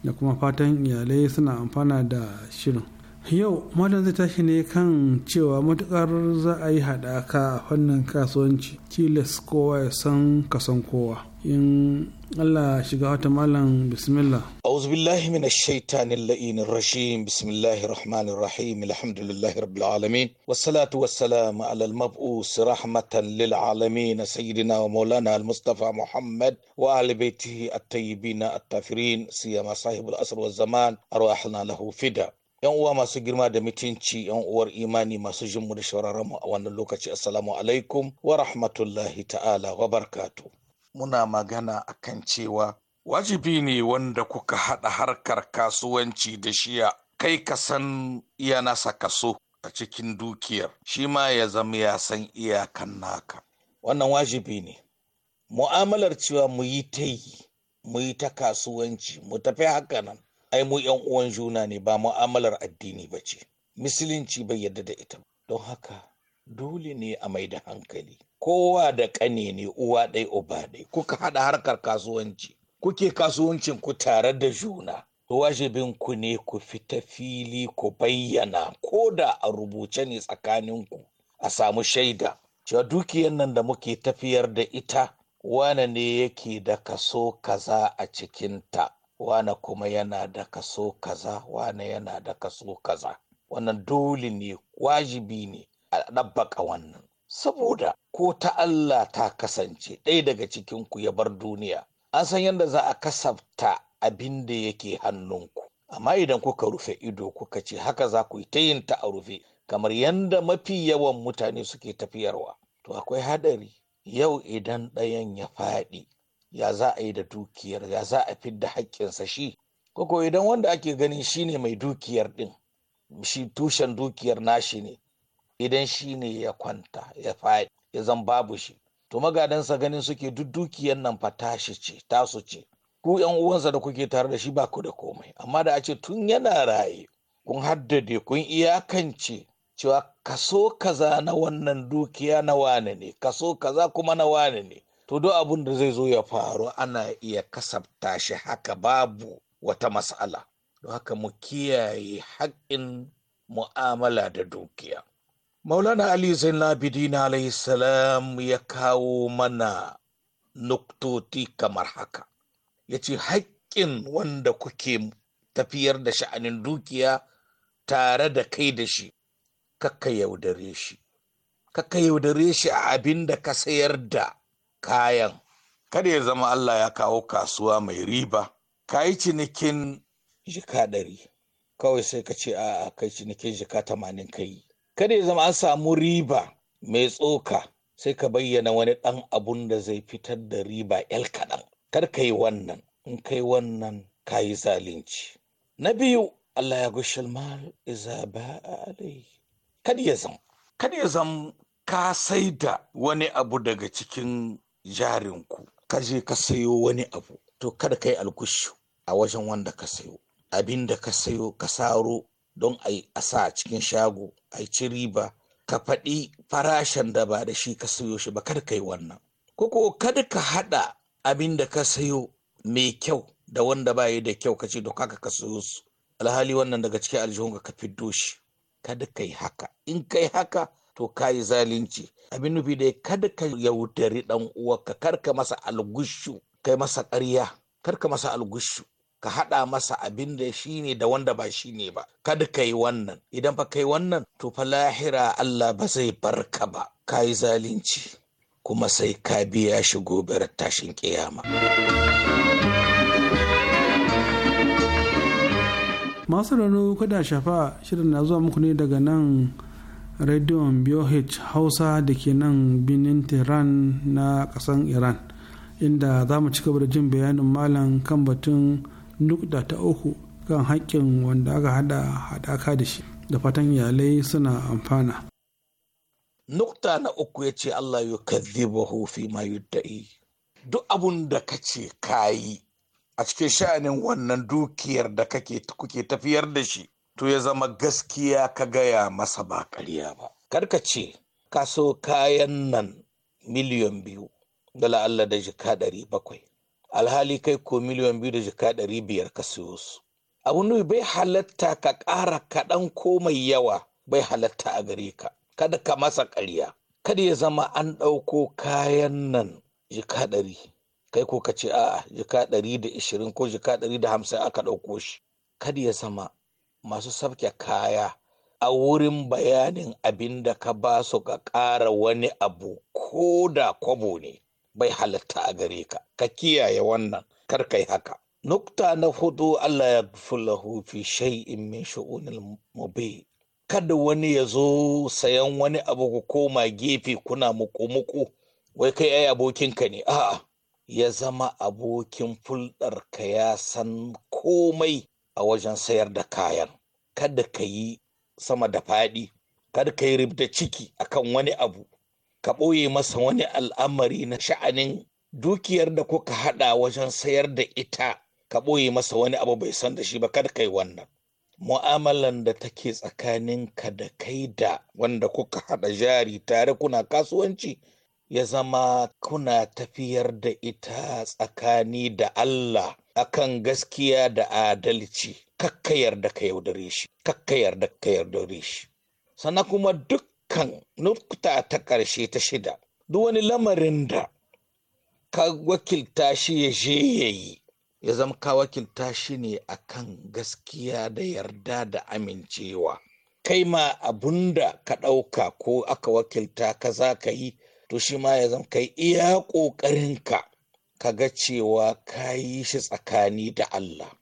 da kuma fatan iyalai suna amfana da shirin yau malam zai tashi ne kan cewa matukar za a yi haɗaka a fannin kasuwanci tilas kowa ya san kasan kowa in Allah shiga wata malam bismillah. A'udhu billahi minash shaitanir la'inir rajim. Bismillahir rahmanir rahim. Alhamdulillahi rabbil alamin. Wassalatu wassalamu ala al-mab'us rahmatan lil alamin sayyidina wa maulana al-Mustafa Muhammad wa ali baitihi at-tayyibin at-tafirin siyama sahibul asr wa zaman arwahna lahu fida. yan uwa masu girma da mutunci yan uwar imani masu jinmu da shawararmu a wannan lokaci assalamu alaikum wa rahmatullahi ta'ala wa barkatu muna magana a kan cewa wajibi ne wanda kuka haɗa harkar kasuwanci da shiya kai ka san iya nasa kaso a cikin dukiyar shi ma ya zama ya san iyakan naka wannan wajibi ne mu'amalar cewa mu yi ta yi mu yi ta kasuwanci mu tafi haka nan ai mu yan uwan juna ne ba mu'amalar addini ba ce musulunci bai yarda da ita don haka dole ne a mai da hankali kowa da ƙani ne uwa ɗai uba ɗai kuka haɗa harkar kasuwanci kuke kasuwancin ku tare da juna wajibin ku ne ku fita fili ku bayyana ko da a rubuce ne tsakaninku a samu shaida cewa dukiyar nan da muke tafiyar da ita wane ne yake da kaso kaza a cikinta wane kuma yana da kaso kaza wane yana da kaso kaza wannan dole ne wajibi ne a ɗabbaka wannan saboda ko ta Allah ta kasance ɗaya daga cikinku ya bar duniya an san yadda za a kasafta abin da yake hannunku amma idan kuka rufe ido kuka ce haka za ku yi ta yin ta a rufe kamar yadda mafi yawan mutane suke tafiyarwa to akwai haɗari. yau idan ɗayan ya faɗi ya za a yi da dukiyar ya za a fidda haƙƙinsa shi koko idan wanda ake ganin shi ne mai dukiyar ɗin shi tushen dukiyar nashi ne idan shi ne ya kwanta ya faɗi ya zan babu shi to magadansa ganin suke duk dukiyar nan fa tashi ce tasu ce ku yan uwansa da kuke tare da shi ba ku da komai amma da a ce tun yana raye kun haddade kun iyakance cewa kaso kaza na wannan dukiya na wane ne kaso kaza kuma na wane ne to duk abin da zai zo ya faru ana iya kasafta shi haka babu wata matsala don haka mu kiyaye haƙƙin mu'amala da dukiya maulana ali zain labidin alayhi salam ya kawo mana nuktoti kamar haka ya ce haƙƙin wanda kuke tafiyar da sha'anin dukiya tare da kai da shi kaka yaudare shi kakka yaudare shi a abin da ka sayar da kayan kada ya zama allah ya kawo kasuwa mai riba ka yi cinikin jika ɗari kawai sai ka ce a kai cinikin jika tamanin kai kada ya zama an samu riba mai tsoka sai ka bayyana wani ɗan abun da zai fitar da riba yal kaɗan kar ka yi wannan in kai wannan ka yi zalunci na biyu Allah ya gushal mal iza ba alai kada ya zama kada ya zama ka sai wani abu daga cikin jarinku ka je ka sayo wani abu to kada ka yi a wajen wanda ka sayo abin da ka sayo ka saro don a sa cikin shago a ci riba ka faɗi farashin da ba da shi ka sayo shi ba kada ka yi wannan koko kada ka haɗa abin da ka sayo mai kyau da wanda ba da kyau ka ce to kaka ka sayo su alhali wannan daga cikin aljihun ka fito shi kada ka yi haka in ka yi haka to ka yi zalunci abin nufi dai kada ka yaudari dan uwarka kar ka masa algushu kai masa ƙarya karka masa algushu ka haɗa masa abin da shi ne da wanda ba shi ne ba kada ka yi wannan idan ba ka yi wannan to fa lahira Allah ba zai barka ba ka yi zalunci kuma sai ka biya shi gobe tashin kiyama. masu rano kada shafa shirin na zuwa muku ne daga nan rediyon BOH hausa da ke nan binin tehran na kasan iran inda za mu ci gaba da jin bayanin malam kan batun Duk da ta uku kan hakkin wanda aka hada haɗaka da shi da fatan iyalai suna amfana. Nukta na uku ya ce Allah ya kadhibahu hufi ma yudda'i. Duk abun da ka ce kayi a cikin sha'anin wannan dukiyar da kake kuke tafiyar da shi to ya zama gaskiya ka gaya masa ba ƙarya ba. Karka ce ka so kayan nan miliyan biyu da la'alla da jika ɗari bakwai. alhali kai ko miliyan biyu da jika ɗari biyar ka siyo su abu nui bai halatta ka ƙara kaɗan ko mai yawa bai halatta a gare ka kada ka masa ƙarya kada ya zama an ɗauko kayan nan jika ɗari kai ko ka ce a'a jika ɗari da ishirin ko jika ɗari da hamsin aka ɗauko shi kada ya zama masu sabke kaya a wurin bayanin abin da ka ba su ka ƙara wani abu ko da kwabo ne bai halatta a gare ka ka kiyaye wannan kar kai haka nukta na hudu Allah ya fulahu fi shay'in min shu'unil mubi kada wani ya zo sayan wani abu ku koma gefe kuna muku-muku wai kai ai abokinka ne a'a ya zama abokin ka ya san komai a wajen sayar da kayan kada ka yi sama da faɗi kada ka yi ribda ciki akan wani abu ka ɓoye masa wani al'amari na sha'anin dukiyar da kuka haɗa wajen sayar da ita ka ɓoye masa wani abu bai san da shi ba kada kai wannan mu'amalan da take tsakanin ka da kai da wanda kuka haɗa jari tare kuna kasuwanci ya zama kuna tafiyar da ita tsakani da Allah akan gaskiya da adalci kakkayar da ka yaudare shi kakkayar da ka yaudare shi sannan kuma duk kan nukta ta ƙarshe ta shida duk wani lamarin da ka wakilta shi ya je ya yi ya zama ka wakilta shi ne a kan gaskiya da yarda da amincewa kai ma abun da ka ɗauka ko aka wakilta ka za ka yi to shi ma ya zama kai iya ƙoƙarinka ka ga cewa ka yi shi tsakani da Allah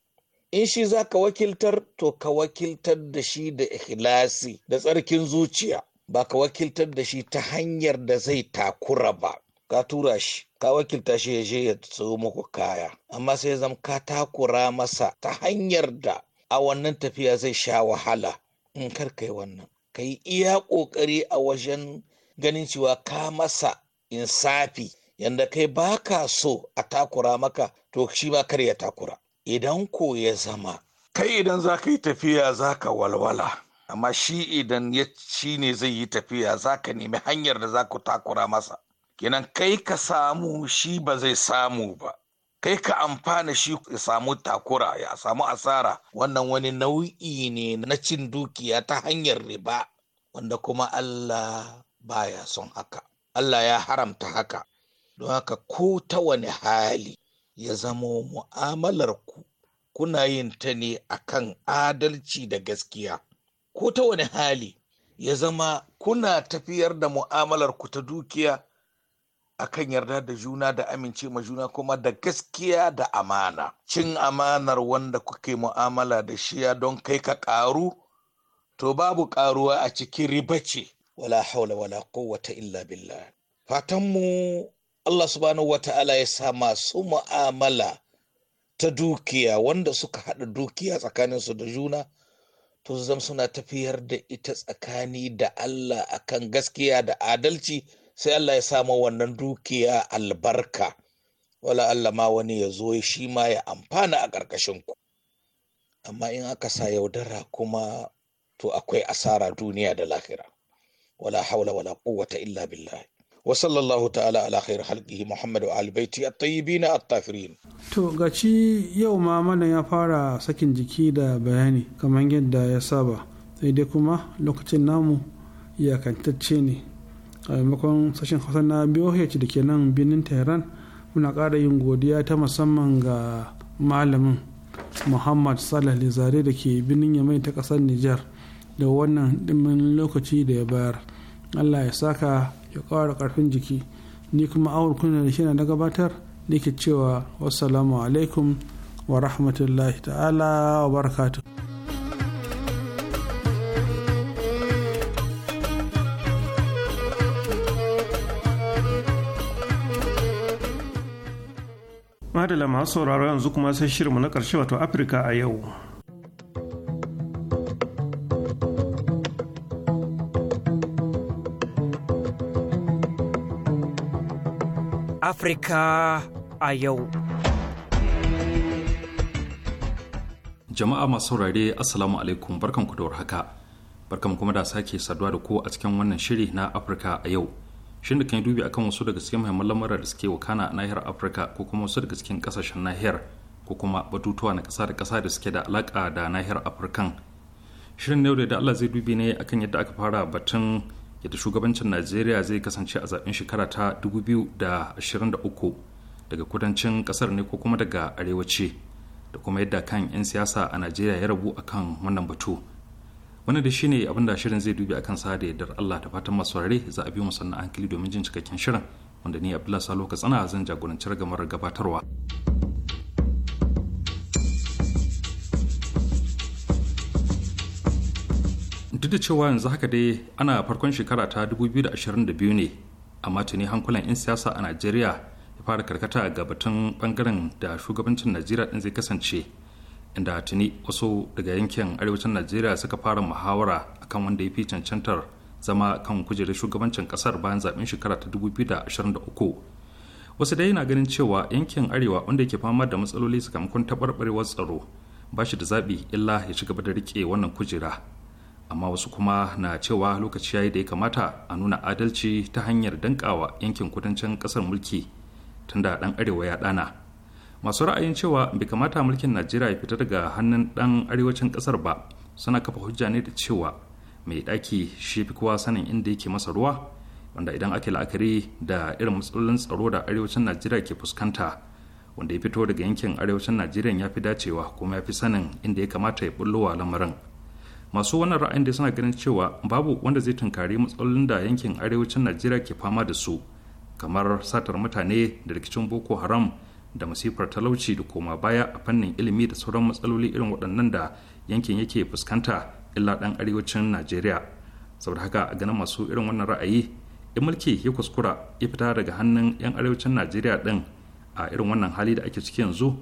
in shi za ka wakiltar to ka wakiltar da shi da ikhlasi da tsarkin zuciya ba ka wakiltar da shi ta hanyar da zai takura ba ka tura shi ka wakilta shi ya je ya tsawo muku kaya amma sai zama ka takura masa ta hanyar da a wannan tafiya zai sha wahala in kar kai wannan ka yi iya ƙoƙari a wajen ganin cewa ka masa insafi yanda kai ba ka so a takura maka to shi ma kar ya takura idan ko ya zama kai idan za ka yi tafiya za ka walwala amma shi idan ya shi ne zai yi tafiya za ka nemi hanyar da za ku takura masa Kinan kai ka samu shi ba zai samu ba kai ka amfana shi ya samu takura ya samu asara wannan wani nau'i ne na cin dukiya ta hanyar riba wanda kuma Allah baya son haka Allah ya haramta haka don haka ko ta wani hali ya zama mu'amalar ku kuna yin ta ne akan adalci da gaskiya ko ta wani hali ya zama kuna tafiyar da mu'amalar ku ta dukiya a kan yarda da juna da amince ma juna kuma da gaskiya da amana cin amanar wanda kuke mu'amala da shiya don kai ka ƙaru, to babu ƙaruwa a cikin riba ce wala haula wala quwwata illa billah fatanmu Allah subhanahu wata'ala ya sa masu mu'amala ta dukiya wanda suka haɗa dukiya tsakaninsu da juna to suna tafiyar da ita tsakani da Allah akan gaskiya da adalci sai Allah ya samu wannan dukiya albarka wala Allah ma wani ya zo shi ma ya amfana a ƙarƙashin ku amma in aka sa yaudara kuma to akwai asara duniya da lahira wala haula wala quwwata illa billahi wa ta'ala ala khair halqihi muhammad wa ali baiti at to gaci yau ma mana ya fara sakin jiki da bayani kamar yadda ya saba sai dai kuma lokacin namu iyakantacce ne a maimakon sashen hausa na boh da ke nan birnin tehran muna ƙara yin godiya ta musamman ga malamin muhammad salah lizare da ke birnin yamai ta ƙasar nijar da wannan dimin lokaci da ya bayar allah ya saka ya kawar karfin jiki ni kuma awar kuna da shirin na gabatar nake cewa wassalamu alaikum wa rahmatullahi ta'ala wa barakatu. madala masu sauraro yanzu kuma sai shirinmu na ƙarshe wato afirka a yau Afirka a yau. Jama'a masu saurare Assalamu alaikum barkanku da warhaka. Barkan kuma da sake saduwa da ku a cikin wannan shiri na Afirka a yau. Shin da kan dubi akan wasu daga cikin muhimman lamura da suke wakana a nahiyar Afirka ko kuma wasu daga cikin kasashen nahiyar ko kuma batutuwa na kasa da kasa da suke da alaka da nahiyar Afirkan. Shirin yau da Allah zai dubi ne akan yadda aka fara batun yadda shugabancin najeriya zai kasance a zaben shekara ta 2023 daga kudancin kasar ne ko kuma daga arewaci da kuma yadda kan 'yan siyasa a najeriya ya rabu akan wannan batu wani da shine abin da shirin zai dubi akan sa da yardar allah ta fatan masu za a bi mu sannan hankali domin jin cikakken shirin wanda ni abdullahi salo tsana zan jagoranci ragamar gabatarwa duk da cewa yanzu haka dai ana farkon shekara ta 2022 ne amma tuni hankulan 'yan siyasa a najeriya ya fara karkata ga batun bangaren da shugabancin najeriya din zai kasance inda tuni wasu daga yankin arewacin najeriya suka fara muhawara akan wanda ya fi cancantar zama kan kujerar shugabancin kasar bayan zaben shekara ta 2023 wasu dai na ganin cewa yankin arewa wanda ke fama da matsaloli sakamakon taɓarɓarewar tsaro ba shi da zaɓi illa ya ci gaba da riƙe wannan kujera amma wasu kuma na cewa lokaci ya yi da ya kamata a nuna adalci ta hanyar dankawa yankin kudancin kasar mulki tunda dan arewa ya dana masu ra'ayin cewa bai kamata mulkin najeriya ya fita daga hannun dan arewacin kasar ba suna kafa hujja ne da cewa mai ɗaki shi fi kowa sanin inda yake masa ruwa wanda idan ake la'akari da irin matsalolin tsaro da arewacin najeriya ke fuskanta wanda ya fito daga yankin arewacin najeriya ya fi dacewa kuma ya fi sanin inda ya kamata ya bullowa lamarin masu wannan ra'ayin da suna ganin cewa babu wanda zai tunkari matsalolin da yankin arewacin najeriya ke fama da su kamar satar mutane da rikicin boko haram da masifar talauci da koma baya a fannin ilimi da sauran matsaloli irin waɗannan da yankin yake fuskanta illa ɗan arewacin najeriya saboda haka a ganin masu irin wannan ra'ayi in mulki ya kuskura ya fita daga hannun 'yan arewacin najeriya ɗin a irin wannan hali da ake ciki yanzu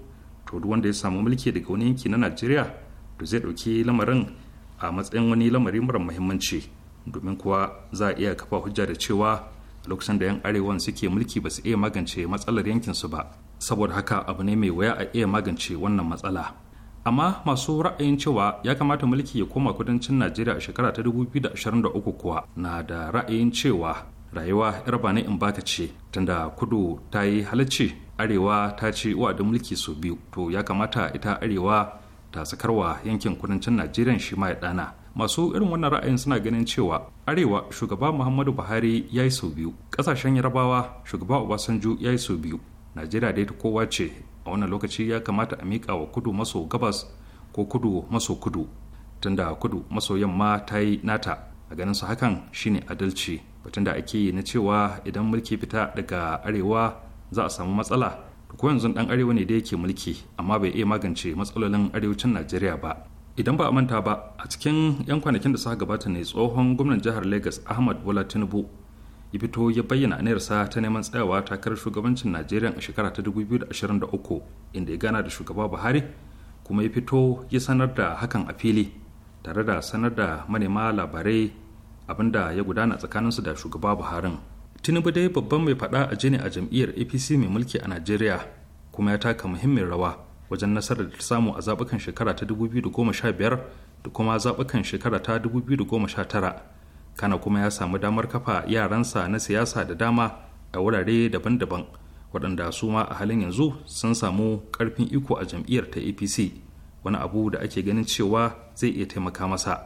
to duk wanda ya samu mulki daga wani yanki na najeriya to zai ɗauki lamarin a matsayin wani lamari mara muhimmanci domin kuwa za a iya kafa hujja da cewa lokacin da yan arewan suke mulki ba su iya magance matsalar yankinsu ba saboda haka abu ne mai waya a iya magance wannan matsala amma masu ra'ayin cewa ya kamata mulki ya koma kudancin najeriya a shekara ta 2023 kuwa na da ra'ayin cewa rayuwa yar ba in baka ce tunda kudu ta yi halacci arewa ta ce da mulki su biyu to ya kamata ita arewa ta sakarwa yankin kudancin najeriya shi ma ya dana masu irin wannan ra'ayin suna ganin cewa arewa shugaba muhammadu buhari ya yi sau biyu ƙasashen yarabawa shugaba obasanjo ya yi sau biyu najeriya dai ta kowa ce a wannan lokaci ya kamata a miƙa wa kudu maso gabas ko kudu maso kudu tunda kudu maso yamma ta yi nata a ganin su hakan shine adalci batun da ake yi na cewa idan mulki fita daga arewa za a samu matsala ko yanzu dan arewa ne da yake mulki amma bai iya magance matsalolin arewacin najeriya ba idan ba a manta ba a cikin 'yan kwanakin da suka gabata ne tsohon gwamnan jihar lagos ahmad bola tinubu ya fito ya bayyana aniyarsa ta neman tsayawa takarar shugabancin najeriya a shekara ta 2023 inda ya gana da shugaba buhari kuma ya fito ya sanar da hakan a fili tare da sanar da manema labarai abinda ya gudana tsakaninsu da shugaba buharin tinubu dai babban mai fada a jini a jam'iyyar apc mai mulki a najeriya kuma ya taka muhimmin rawa wajen nasarar da ta samu a zaɓukan shekara ta 2015 da kuma zaɓukan shekara ta 2019 kana kuma ya samu damar kafa yaransa na siyasa da dama a wurare daban-daban waɗanda su ma a halin yanzu sun samu ƙarfin iko a jam'iyyar ta apc wani abu da ake ganin cewa zai iya taimaka masa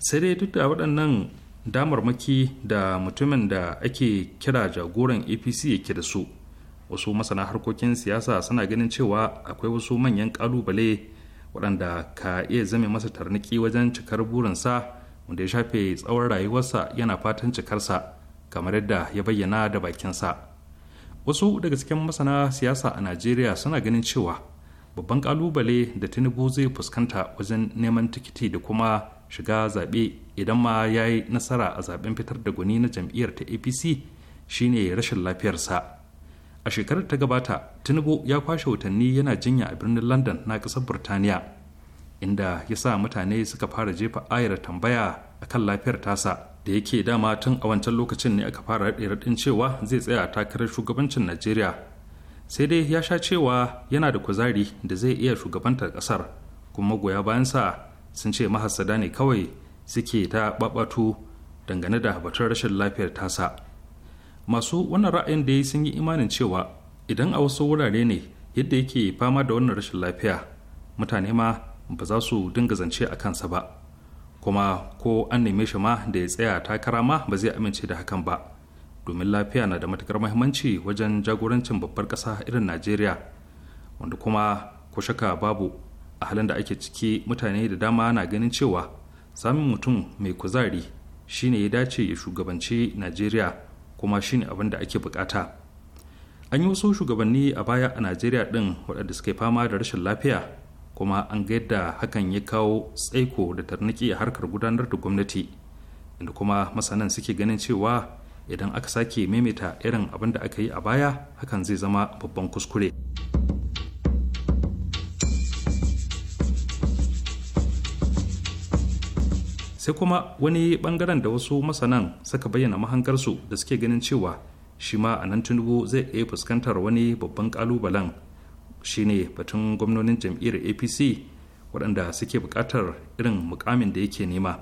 sai dai duk da waɗannan damarmaki da mutumin da ake kira jagoran apc yake da su wasu masana harkokin siyasa suna ganin cewa akwai wasu manyan kalubale waɗanda ka iya zame masa tarniki wajen cikar burinsa wanda ya shafe tsawon rayuwarsa yana fatan cikarsa kamar yadda ya bayyana da bakinsa wasu daga cikin masana siyasa a najeriya suna ganin cewa babban kalubale da tinubu zai fuskanta wajen neman tikiti da kuma shiga zaɓe idan ma ya yi nasara a zaɓen fitar da gwani na jam'iyyar ta apc shine rashin lafiyarsa a shekarar ta gabata tinubu ya kwashe watanni yana jinya a birnin london na ƙasar burtaniya inda ya sa mutane suka fara jefa ayar tambaya akan lafiyar tasa da yake dama tun a wancan lokacin ne aka fara raɗin cewa zai tsaya takarar shugabancin najeriya sai dai ya sha cewa yana da kuzari da zai iya shugabantar ƙasar kuma magoya sa. sun ce mahasada ne kawai suke ta babatu dangane da batun rashin lafiyar tasa masu wannan ra'ayin da ya sun yi imanin cewa idan a wasu wurare ne yadda yake fama da wannan rashin lafiya mutane ma ba za su dinga zance a kansa ba kuma ko an neme shi ma da ya tsaya takara ma ba zai amince da hakan ba domin lafiya na da matukar mahimmanci wajen jagorancin babbar ƙasa irin najeriya wanda kuma ko shaka babu a halin da ake ciki mutane da dama na ganin cewa samun mutum mai kuzari shine ya dace ya shugabanci najeriya kuma shine abin da ake bukata an yi wasu shugabanni a baya a najeriya din waɗanda suke fama da rashin lafiya kuma an ga yadda hakan ya kawo tsaiko da tarniki a harkar gudanar da gwamnati inda kuma masanan suke ganin cewa idan aka sake maimaita irin abin da aka yi a baya hakan zai zama babban kuskure. sai kuma wani bangaren da wasu masanan suka bayyana mahangarsu da suke ganin cewa shi ma a nan tunubu zai iya fuskantar wani babban kalubalen shine batun gwamnonin jam'iyyar apc waɗanda suke buƙatar irin mukamin da yake nema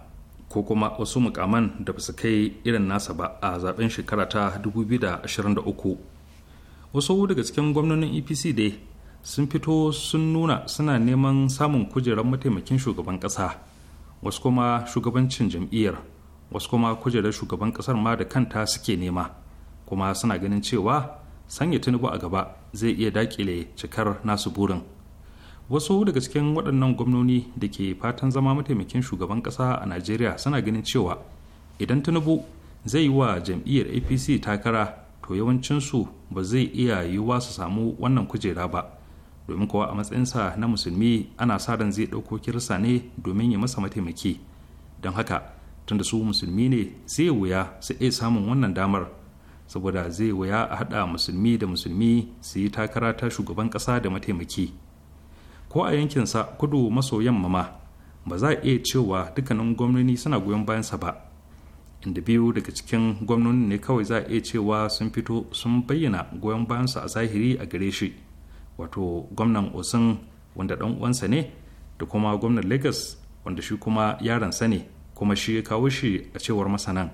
ko kuma wasu mukaman da basu kai irin nasa ba a zaben shekara ta 2023 wasu daga cikin gwamnonin apc dai sun fito sun nuna suna neman samun kujerar mataimakin shugaban ƙasa wasu kuma shugabancin jam'iyyar wasu kuma kujerar shugaban kasar ma da kanta suke nema kuma suna ganin cewa sanya tinubu a gaba zai iya dakile cikar nasu burin wasu daga cikin waɗannan gwamnoni da ke fatan zama mataimakin shugaban ƙasa a najeriya suna ganin cewa idan tinubu zai yi wa jam'iyyar apc takara to yawancinsu ba zai iya yiwuwa su samu wannan kujera ba domin kowa a matsayinsa na musulmi ana sa ran zai ɗauko kirsa ne domin ya masa mataimaki don haka tunda su musulmi ne zai wuya su iya samun wannan damar saboda zai wuya a haɗa musulmi da musulmi su yi takara ta shugaban ƙasa da mataimaki ko a yankinsa kudu maso yamma ma ba za a iya cewa dukkanin gwamnoni suna goyon bayansa ba inda biyu daga cikin gwamnoni ne kawai za a iya cewa sun fito sun bayyana goyon bayansa a zahiri a gare shi wato gwamnan osun wanda dan uwansa ne da kuma gwamnan lagos wanda shi kuma yaransa ne kuma shi ya kawo shi a cewar masanan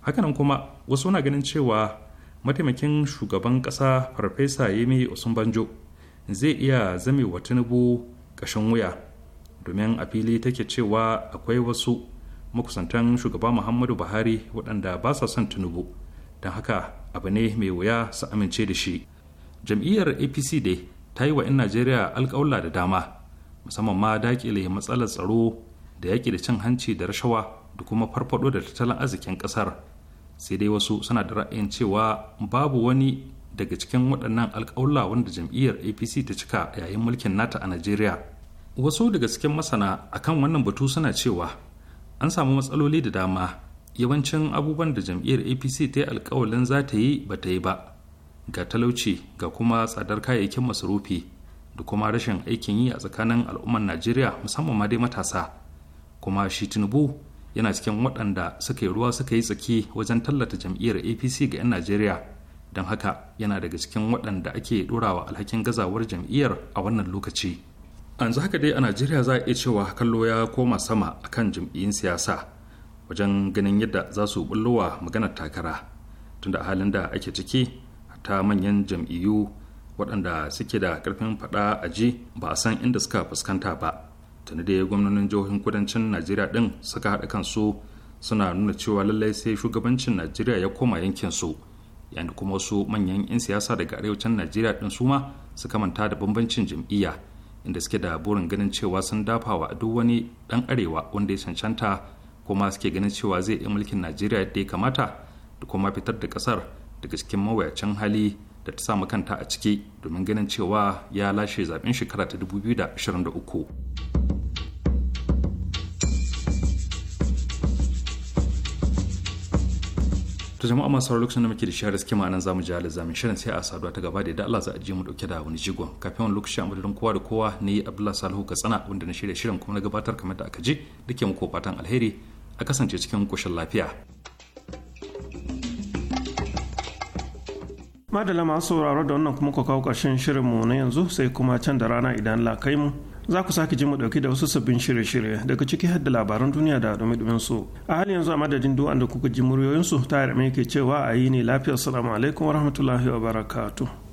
hakanan kuma wasu na ganin cewa mataimakin shugaban kasa farfesa yemi banjo zai iya zame wa tinubu ƙashin wuya domin a fili take cewa akwai wasu makusantan shugaba muhammadu buhari waɗanda ba sa son tinubu don haka abu ne mai wuya su amince da shi jam'iyyar apc dai ta yi wa 'yan najeriya alkawla da dama musamman ma dakile matsalar tsaro da yaƙi da cin hanci da rashawa da kuma farfado da tattalin arzikin ƙasar sai dai wasu suna da ra'ayin cewa babu wani daga cikin waɗannan alkawla wanda jam'iyyar apc ta cika yayin mulkin nata a najeriya wasu daga cikin masana akan wannan batu suna cewa an samu matsaloli da dama yawancin abubuwan da jam'iyyar apc ta yi alkawalin za ta yi ba ta yi ba ga talauci ga kuma tsadar kayayyakin masarufi da kuma rashin aikin yi a tsakanin al'ummar najeriya musamman ma dai matasa kuma shi tinubu yana cikin waɗanda suka yi ruwa suka yi tsaki wajen tallata jam'iyyar apc ga 'yan najeriya don haka yana daga cikin waɗanda ake ɗorawa alhakin gazawar jam'iyyar a wannan lokaci An zu haka dai a najeriya za a iya cewa kallo ya koma sama kan jam'iyyun siyasa wajen ganin yadda za su bullowa maganar takara tunda a halin da ake ciki ta manyan jam'iyyu waɗanda suke da ƙarfin faɗa a ji ba a san inda suka fuskanta ba tuni da gwamnonin jihohin kudancin najeriya ɗin suka haɗa kansu suna nuna cewa lallai sai shugabancin najeriya ya koma yankin su yayin kuma wasu manyan 'yan siyasa daga arewacin najeriya ɗin su ma suka manta da bambancin jam'iyya inda suke da burin ganin cewa sun dafa wa duk wani ɗan arewa wanda ya cancanta kuma suke ganin cewa zai iya mulkin najeriya yadda ya kamata da kuma fitar da ƙasar daga cikin mawuyacin hali da ta samu kanta a ciki domin ganin cewa ya lashe zaben shekara ta 2023 to jama'a masu lokacin da muke da shi suke ma'anan zamu ji halin zamin shirin sai a saduwa ta gaba da yadda Allah za a je mu dauke da wani jigon kafin wani lokaci a madadin kowa da kowa ne Abdullahi Salihu Katsina wanda na shirya shirin kuma na gabatar kamar da aka je ji dake muku fatan alheri a kasance cikin koshin lafiya madala masu sauraro da wannan kuma ka kawo ƙarshen shirinmu na yanzu sai kuma can da rana idan la kai mu za ku sake ji mu dauki da wasu sabbin shirye-shirye daga ciki hadda labaran duniya da dumi dumin su a halin yanzu a madadin duwan da kuka ji su ta yarda ke cewa a yi ne lafiyar salamu alaikum warahmatullahi wabarakatuh